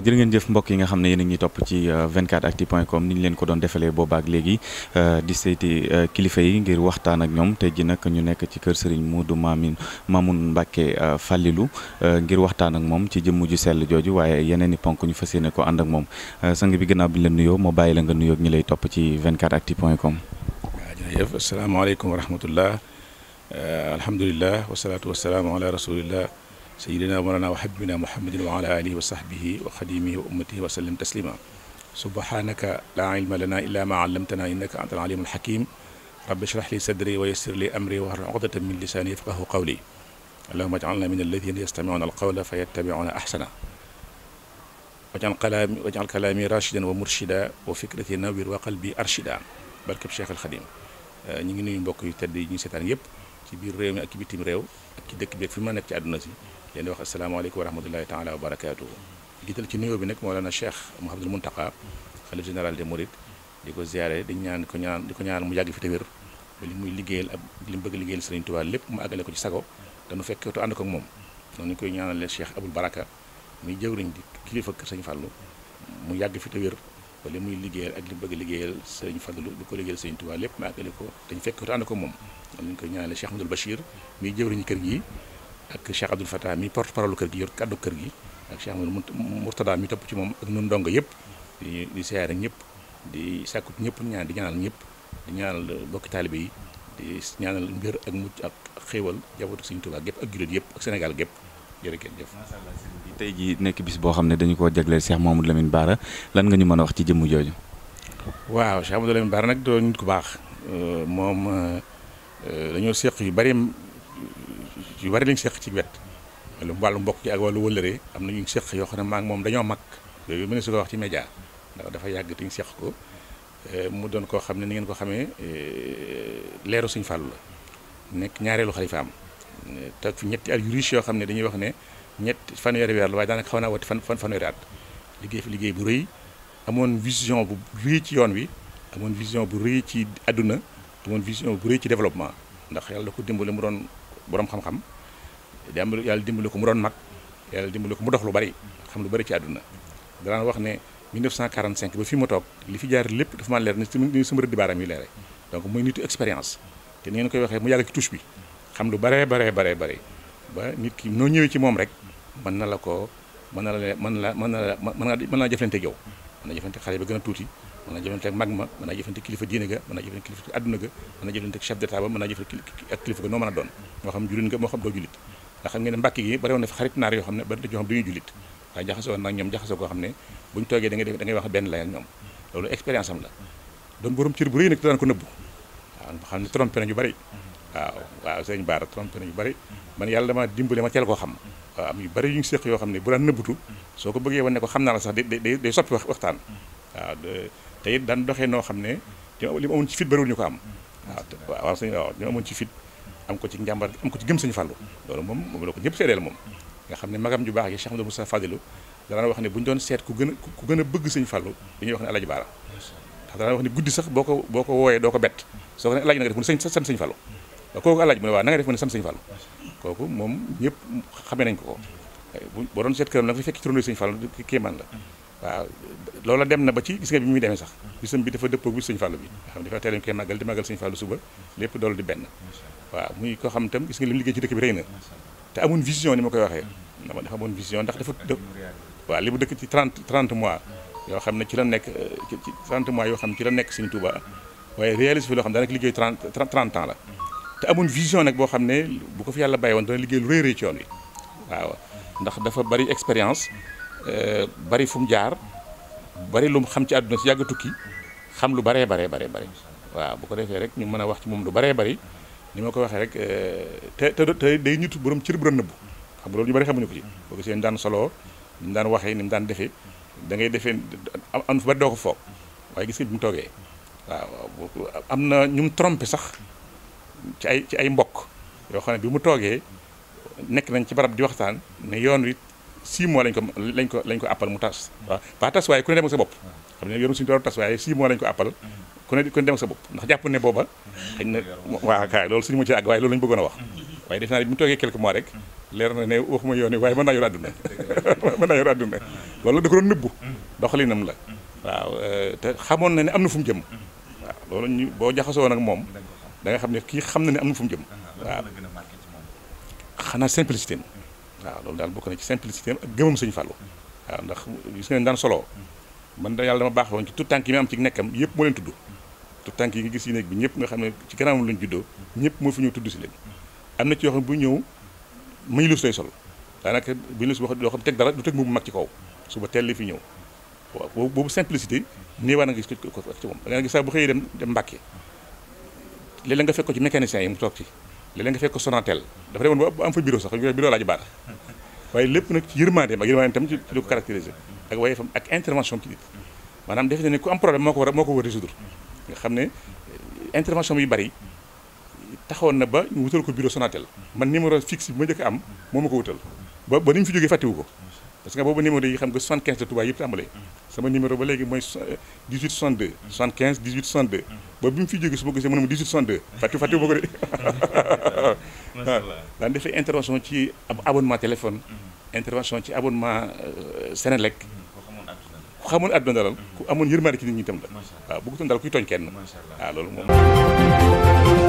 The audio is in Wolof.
jërë ngeen jëf mbokk yi nga xam ne yéen a ngi topp ci 24actu euh, point com ni ñu leen ko doon defalee boobaak léegi euh, di seeti euh, kilifa yi ngir waxtaan ak ñoom te ji nag ñu nekk ci kër Serigne Modou Mamin Mamoun Mbacke Fallilou ngir waxtaan ak moom ci jëmm ju sell jooju waaye yeneen i ponk ñu fas yéene ko ànd ak moom sang bi gannaaw bi ñu leen nuyoo moo bàyyi la nga nuyoo ak ñi lay topp ci 24actu point com. waaw jërëjëf asalaamaaleykum wa rahmatullah alhamdulilah wasalaatu wasalaamu ala rasulillah sayidina mawlana wa habibina muhammadin wa ala alihi wa sahbihi wa xadimihi wa ummatihi wa sallim taslima subhanaka la ilma lana illa ma allamtana innaka anta alalimul hakim rabbi shrah li sadri wa yassir li amri wahlul uqdatan min lisani yafqahu qawli allahuma ajalna min alladina yastamiuna alqawla fa yattabiuna ahsana wajal kalaami wajal kalaami rashidan wa murshida wa fikrati nawwir wa qalbi arshida barkeb Cheikh al Xadim ñu ngi nuyu mbokk yu tedd yi ñu seetaan yëpp ci biir réew mi ak ci bitim réew ak ci dëkk bi ak fi ma nekk ci àdduna si leen di wax asalaamaaleykum wa rahmatullahi taala wa barakaatuhu jiital ci nuyoo bi nag Mawlana Cheikh Mouhamadoul Mountakha xalif général di ko ziare di ñaan ko ñaan di ko ñaan mu yàgg fi te wér li muy liggéeyal ak li mu bëgg liggéeyal Serigne Touba lépp mu àggale ko ci sago dañu fekkee tu ànd ko ak moom moo ñu koy ñaanale Cheikh Aboul Baraka muy jëwriñ di kilifa kër Serigne Fallou mu yàgg fi te wér ba li muy liggéeyal ak li bëgg liggéeyal sëriñ Fadlu di ko liggéeyal sëriñ Tuubaa lépp ma àggale ko dañ fekk ko ànd ko moom loolu lañ koy ñaanale Cheikh Abdoul Bachir miy jëwriñu kër gi ak Cheikh Abdoul Fatah mi porte parole kër gi yor kàddu kër gi ak Cheikh Amadou Mourtada mi topp ci moom ak nun ndongo yëpp di di siyaare ñëpp di sàkkut ñëpp ñaan di ñaanal ñëpp di ñaanal bokki taalibe yi di ñaanal mbir ak mucc ak xéewal jabootu sëriñ Tuubaa gépp ak jullit yëpp ak Sénégal gépp jërëjëf jëf macha allah tey jii nekk bis boo xam ne dañu koo jagleel Cheikh Mamadou Lamine baara lan nga ñu mën a wax ci jëmm jooju. waaw Cheikh la Lamine Bara nag doo nit ku baax euh, moom euh, dañoo seq yu bari yu bari lañ seq ci wet wala wàllu mbokk gi wàllu wëllëree am na ñu seq yoo xam ne maa moom dañoo mag yooyu mën su ko wax ci média ndax dafa yàgg te ñu seq ko euh, mu doon koo xam ne ni ngeen ko xamee leeru suñ fàllu la nekk ñaareelu xalifaam toog fi ñetti at yu riche yoo xam ne dañuy wax ne ñett fanweeri weer la waaye daanaka xaw na wati fan fanweeri at liggéey fi liggéey bu rëy amoon vision bu rëy ci yoon wi amoon vision bu rëy ci àdduna amoon vision bu rëy ci développement ndax yàlla ko dimbale mu doon borom xam-xam yàlla dimbale ko mu doon mag yàlla dimbale ko mu dox lu bari xam lu bari ci àdduna danaan wax ne 1945 ba fi ma toog li fi jaar lépp dafa ma leer ne sama rëdd baaraam yi leere donc mooy nitu expérience te ni ngeen koy waxee mu yàgg ci touche bi xam lu baree baree baree bare ba nit ki noo ñëwee ci moom rek mën na la ko mën na la mën la mën na la mën naa jëflante ak yow mën na jëflante xale ba gën a tuuti mën na jëflante ak mag ma mën naa jëflante kilifa diine ga mën naa jëflante kilifa adduna ga mën naa jëflante ak chef d'état ba mën naa jëflante ak kilifa ga noo mën a doon moo xam julit nga moo xam doo julit ndax xam ngeen ne mbàkk gi bari woon na fi xarit naar yoo xam ne bari na ñoo xam duñuy julit waaye jaxasoo nag ñoom jaxasoo koo xam ne buñu toogee da ngay da ngay wax benn layal ñoom loolu expérience am la doon borom cër bu rëy nag daan ko nëbbu waaw xam ne trompé nañu bari waaw waaw sëñ Baara trompé nañu bari man yàlla dama dimbale ma teel koo xam waaw am yu bari yu ñu séq yoo xam ne bu daan nëbbutu soo ko bëggee wane ko xam naa la sax day day day soppi waxtaan waaw te it daan doxee noo xam ne li ma ci fit bariwul ñu ko am waaw waaw sëñ ci fit am ko ci njàmbar am ko ci gëm sëñ Fallou moom moom la ko ñëpp seedeel moom nga xam ne magam ju baax yi Cheikh Amadou Moussa Fadilou dana wax ne bu doon seet ku gën a ku gën a bëgg sëñ Fallou dañuy wax ne Alaaji Baara ndax wax ne guddi sax boo ko boo ko wooyee doo ko bett soo ko ne Alaaji na nga def mu ne sëñ sant sëñ Fallou kooku alaaj mu ne waaw na nga def mu ne sant sëñ Fall kooku moom ñëpp xamee nañ ko ko boo doon seet këram nag fi fekk turandoo sëñ Fall kéemaan la waaw loola dem na ba ci gis nga bi muy demee sax bisam bi dafa dëppoo bi sëñ Fall bi nga xam dafa teel ñu koy màggal di màggal sëñ Fall suba lépp doolu di benn waaw muy koo xam itam gis nga li ci dëkk bi rëy na te amoon vision ni koy waxee dama dafa amoon vision ndax dafa waaw li mu dëkk ci 30 30 mois yoo xam ne ci la nekk ci yoo xam ne ci la nekk sëñ Touba waaye réalise fi loo xam ne daanaka liggéey 30 30 ans la te amuñ vision nag boo xam ne bu ko fi yàlla bàyyi woon dana liggéey lu rëy rëy ci yoon waaw ndax dafa bari expérience euh, bari fu jaar bari lu mu xam ci àdduna si yàgg tukki xam lu baree baree baree bari waaw bu ko defee rek ñu mën a wax ci moom lu baree bari ni ma ko waxee rek euh, te te te day ñut borom cër bu doon nëbbu xam nga loolu ñu bari xamuñu ko ci boo gisee ni daan solo ni mu daan waxee ni mu daan defee da ngay defee am am fu bari doo ko foog waaye gis mu toogee waaw na ñu mu sax ci ay mbokk yoo xam ne bi mu toogee nekk nañ ci barab di waxtaan ne yoon wi six mois lañ ko lañ ko lañ ko appal mu tas waaw pas tas waaye ku ne dem sa bopp xam ne yoonu suñu doon tas waaye six mois lañ ko appal ku ne ku ndax jàpp ne booba xëy na waaw kaay loolu suñu mu ci àgg waaye loolu lañ bëggoon a wax waaye def naa ne bi mu toogee quelques yoon wi waaye mën naa yor àdduna mën naa yor àdduna loolu da ko doon nëbbu doxalinam la waaw te xamoon na ne am na fu mu jëm waaw loolu ñu boo jaxasoo nag moom da xam ne kii xam na ne am na fu mu jëm. waaw xanaa simplicité am waaw loolu daal bokk na ci simplicité am ak gëmam sëñ Fallou. Mm-hmm. waaw ndax gis ngeen daan solo mm-hmm. man da yàlla dama baax woon ci tout tànk yi ma am ci nekkam yëpp moo leen tudd mm-hmm. tout tànk yi nga gis yi nekk bi ñëpp nga xam ne ci kanamam lañ juddoo ñëpp moo fi ñëw tudd si leen am na ci yoo xam bu ñëw may lus lay sol daanaka bu si wax doo xam teg dara du teg mu mag ci suba teel li fi ñëw waaw boobu simplicité néewaa na nga gis ko ci moom da nga gis saa bu xëyee dem dem léeg nga fekk ko ci mécanicien yi mu toog ci léeg nga fekk ko Sonatel dafa demoon ba am fa bureau sax bureau laaj baata waaye lépp nag ci yërmande ak yërmande ak waaye ak intervention maanaam defe ne ku am problème moo moo ko war résoudre xam ne euh, intervention bi bari taxawoon na ba ñu wutal ko bureau Sonatel man numéro fixe bi ma njëkk am moo ma ko wutal ba ba ni mu fi jógee fàttewu ko parce que boobu numéro yi xam nga 75 de Touba yëpp tàmbalee sama numéro ba léegi mooy 18 62 75 18 62 ba bi mu fi jógee su ma gisee mu ne ma 18 62 fàtte fàtte ma ko de daan defee intervention ci abonnement téléphone mhm. intervention ci abonnement euh, Senelec mhm. ku xamoon àdduna dalal mhm. ku amoon yërmande ci nit ñi itam la waaw bëggutoon daal kuy tooñ kenn waaw loolu moom